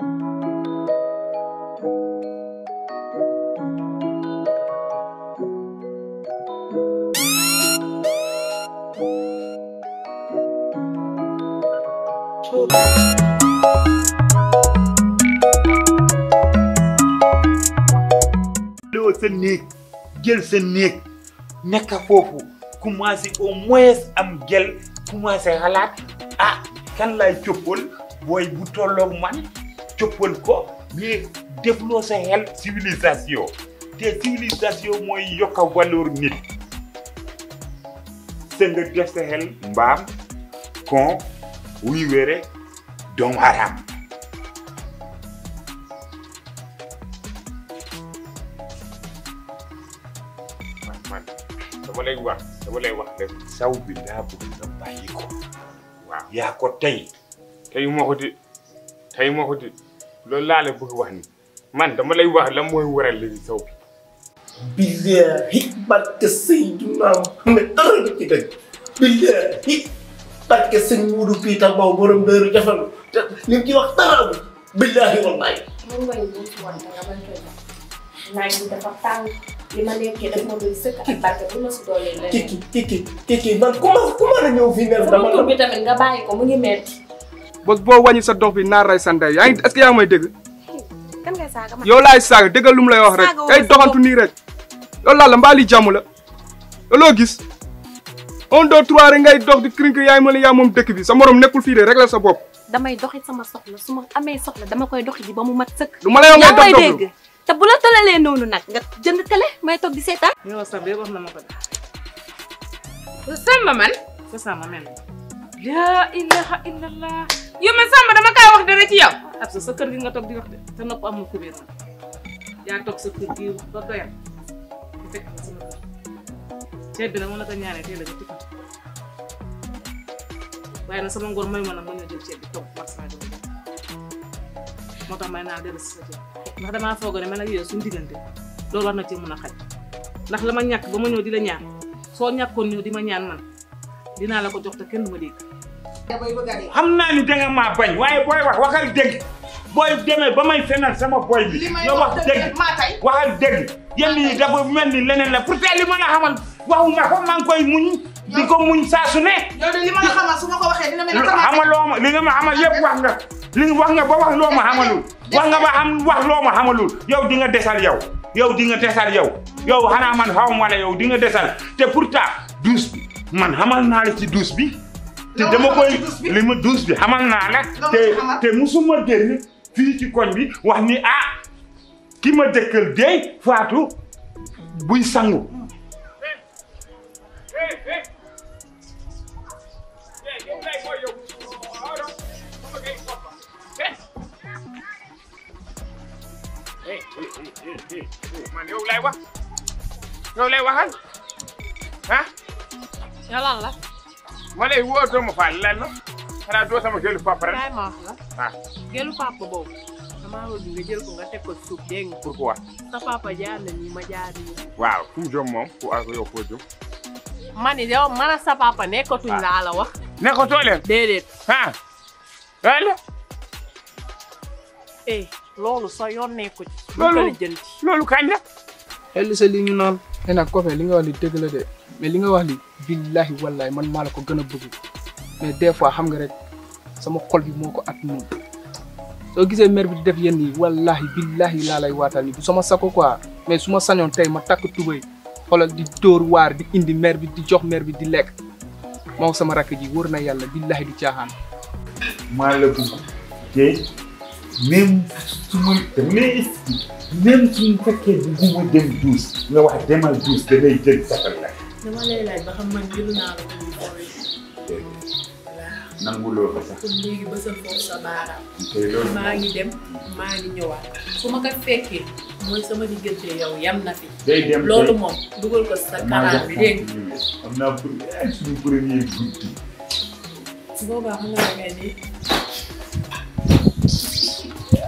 loo sa néeg jël sa néeg nekk foofu commencé au moins am gel commencé xalaat ah kan laay coppal booy bu tolloog man coppal ko mais développé sa xel civilisation te civilisation mooy yokk a valeur nit te def sa mbaam kon wuy wére doomu aadama man dama wax dama lay wax saw bi laa bëgg nga bàyyi ko yaa ko tey tey moo ko di tey moo ko di loolu laa la bëgg wax ni man dama lay wax la mooy waral li saw bi billaahi barke Seydina Muhammad dara du ci dëgg billaahi barke sëñ Muudu ci wax dara amul billaahi kiki kiki kiki man ku ma ku ma la ñëw fii mel dama bi tamit nga bàyyi ko mu ngi metti bos boo wàññi sa dox bi naar ray sa ndey yaa ngi est-ce que yaa ngi may dégg. kan ngay saaga man yow laay saaga déggal lu mu lay wax rek. ay doxantu nii rek. loolu laa la mbaa li jàmm la loo gis un deux trois rek ngay dox di krinki ma la yaa moom dëkk bi sa moroom nekkul fii de rek la sa bopp. damay doxi sama soxla su ma amee soxla dama koy doxi ji ba mu mat sëkk. lu ma lay wax ngay dox doxlu te bu la tëlalee noonu nag nga jënd télé may toog di seetaan. yow Samba yow na ma ko de. Samba man. Samba man. yow man Samba dama kaa wax dara ci wax de te nopp amul kubéer na sama kër ceeb bi nag mën na ko ñaanee ma nag mën na jël ceeb bi toog war sama jëm moo tax may naa dellu si sa ceeb damaa foog ne man diggante loolu war na ci mën a xaj la ma ñaan soo ñàkkoon ñëw di ma ñaan man dinaa la ko jox kenn du ma dégg. xam naa ni danga maa bañ waaye booy wax waxal dëgg booy demee ba may fenal sama booy bi. nga wax dëgg waxal dëgg. yenn yi dafa mel leneen la pourtant li ma la xamal waxuma ko maa ngi koy muñ. di ko muñ saa su ne. li su ma ko waxee dina mel ni xamaloo ma li nga ma xamal yëpp wax wax nga ba wax loo ma xamalul. wax nga ba xam wax loo ma xamalul yow di nga desal yow. yow di nga desal yow yow xanaa man xaw ma la yow di nga desal te taa douze bi man xamal naa la ci douze bi. te dama koy li ma douze bi xamal naa nag te te musuma génn fii ci koñ bi wax ni ah ki ma dëkkal dey faatu buy sangu man yow lay wax yow lay waxal ah. lan ma lay woo doomu Fall lan la xanaa doo sama gëlu papa rek. kay ma wax la. ah gëlu nga jël ko nga teg ko suuf dégg nga. pourquoi. sa papa jaar na nii ma jaar nii. waaw fu mu moom ku ak yow foo jëm. ma ni yow man sa papa nekkatuñ laa la wax. nekkatoo leen. déedéet. ah wala. eh loolu sa yoon nekku loolu loolu kañ la. xel sa li naan. nee ko fee li ni dëgg la de. mais li nga wax li billahi wallahi man maa la ko gën a bëgg mais des fois xam nga rek sama xol bi moo ko at moom soo gisee mère bi di def yenn yi wallahi billahi laa lay waatal ni du sama sako quoi mais suma sañoon tey ma takk tubay xoolal di dóor waar di indi mère bi di jox meer bi di lekk moom sama rakk ji wër na yàlla billahi du caaxaan. maa la bëgg te même su ma demee même suñu fekkee dem douze nga wax demal douze da ngay jël sakkal la. dama lay laaj ba xam man jëlu naa la ko nanguloo ko sax. kon léegi bësal foofu sa baaraam. maa ngi dem maa ngi ñëwaat. su ma ko fekkee mooy sama diggante yow yam na fi. day dem loolu moom dugal ko sa kalaat bi dégg nga. am naa pour suñu premier guddi. boobaa xam nga ngay nii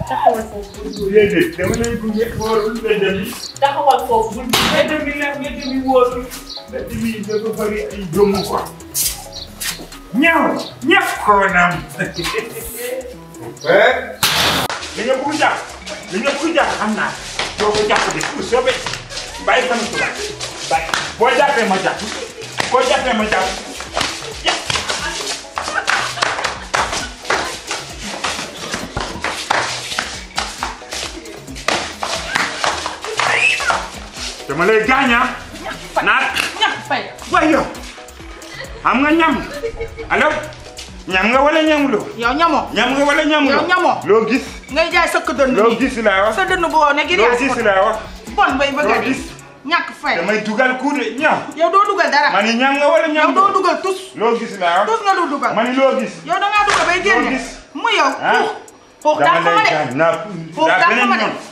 taxawal foofu bul dama lay gunge wóorul nga dem. taxawal foofu bul nga dem nga dem wóorul. dëkk bi dafa bëri ay jom ko ñaw ñëpp koo naam. li nga bëgg jàpp li nga bëgg jàpp xam naa doo ko jàpp de pour soobee bàyyi sama tubaab bàyyi boo jàppee ma jàpp boo jàppee ma jàpp. dama lay gaañaa ah. naat. fay. waaye yow nga ñam allo ñam nga wala ñamuloo. yow ñamoo ñam nga wala ñamuloo. yow ñamoo loo gis. ngay jaay sa dënnu loo gis laa wax sa dënnu bu woon ne gi loo gis laa wax. bon bay bëgg a loo gis. ñàkk fay dugal ku de ñam. yow doo dugal dara. mani ñam nga wala ñam. yow tus. loo gis laa wax tus nga doo dugal. mani loo gis. yow da ngaa dugal bay génne. loo mu yow. ah dama daa ko ma de foofu daa ko ma de.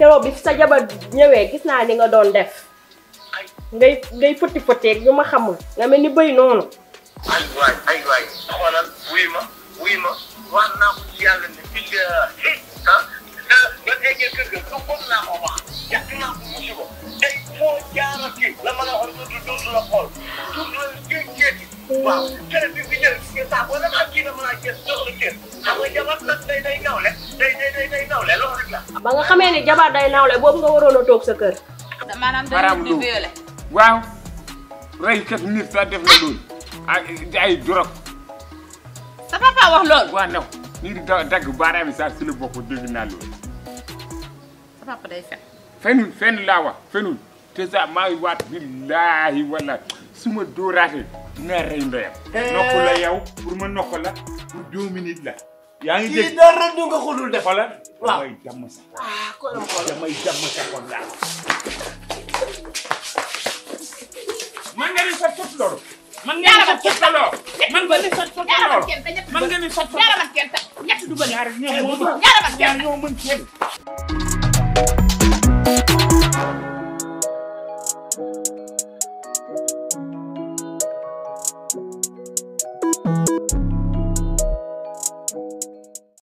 keroog bi sa jabar ñëwee gis naa li nga doon def ngay ngay fëtti fëtteeg ñu ma xamul nga mel ni bëy noonu. ay waay ay waay xoolal wuy ma wuy ma wax naa ko ci yàlla ne bi nga ah, ba nga xamee ni jabar day nawle boobu nga waroon a toog sa kër. maanaam dañu di violé waaw. reykat nit sax def na loolu. ay ay sa papa wax loolu. waaw ndaw ñu dagg baaraam si la bokk dégg naa loolu. sa papa laa wax fenul te sax maa waat billaahi wala su ma dóoraatee dinaa rey ndeyam. nokku la yow pour ma nokku la pour deux la. yaa ngi dégg kii dara du nga xulul def. xoolal damay jàmm sa xol. ah xoolal xoolal damay jàmm sa xol laa. man nga ni sa tot loolu. man nga ni sa tot loolu. man nga ni sa tot loolu. man nga ni sa tot loolu. ñett du bëri ñaar ñoo mën kenn.